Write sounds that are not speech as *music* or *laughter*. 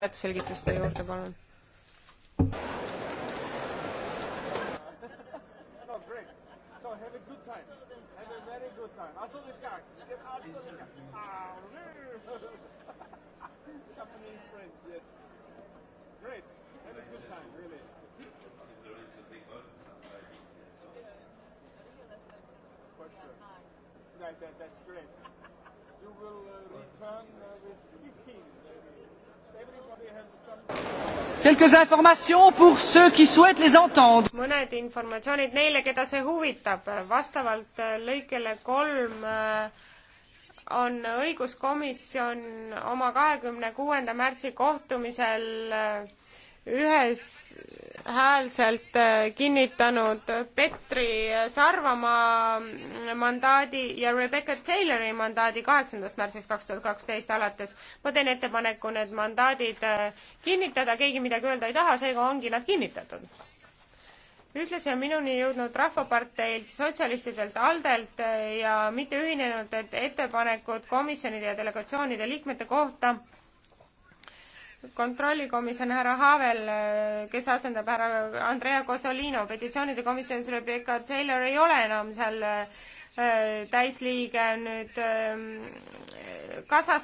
hääletusselgituste juurde, palun. So have a good time. Have a very good time. Also this guy. Also this guy. Ah, *laughs* Japanese friends, yes. Great. Have a good time, really. For sure. Right, that, that's great. You will uh, return. Uh, Quelques informations pour ceux qui souhaitent les entendre. mõned informatsioonid neile, keda see huvitab. vastavalt äh, lõikele kolm äh, on õiguskomisjon oma kahekümne kuuenda märtsi kohtumisel äh, üheshäälselt äh, kinnitanud Petri Sarvamaa mandaadi ja Rebecca Taylori mandaadi kaheksandast märtsist kaks tuhat kaksteist alates. ma teen ettepaneku need mandaadid äh, kinnitada, keegi midagi öelda ei taha, seega ongi nad kinnitatud. ühtlasi on minuni jõudnud Rahvaparteilt, sotsialistidelt, ALDE-lt äh, ja mitteühinenutelt ettepanekud komisjonide ja delegatsioonide liikmete kohta kontrollikomisjon härra Havel, kes asendab härra Andrea Cosolino, petitsioonide komisjonis Rebecca Taylor ei ole enam seal äh, täisliige nüüd ähm, Kasahstani